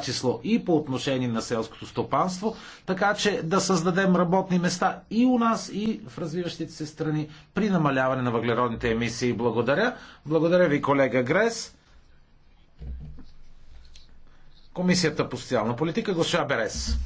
число и по отношение на селското стопанство, така че да създадем работни места и у нас, и в развиващите се страни при намаляване на въглеродните емисии. Благодаря. Благодаря ви, колега Грес. Комисията по социална политика, госпожа Берес.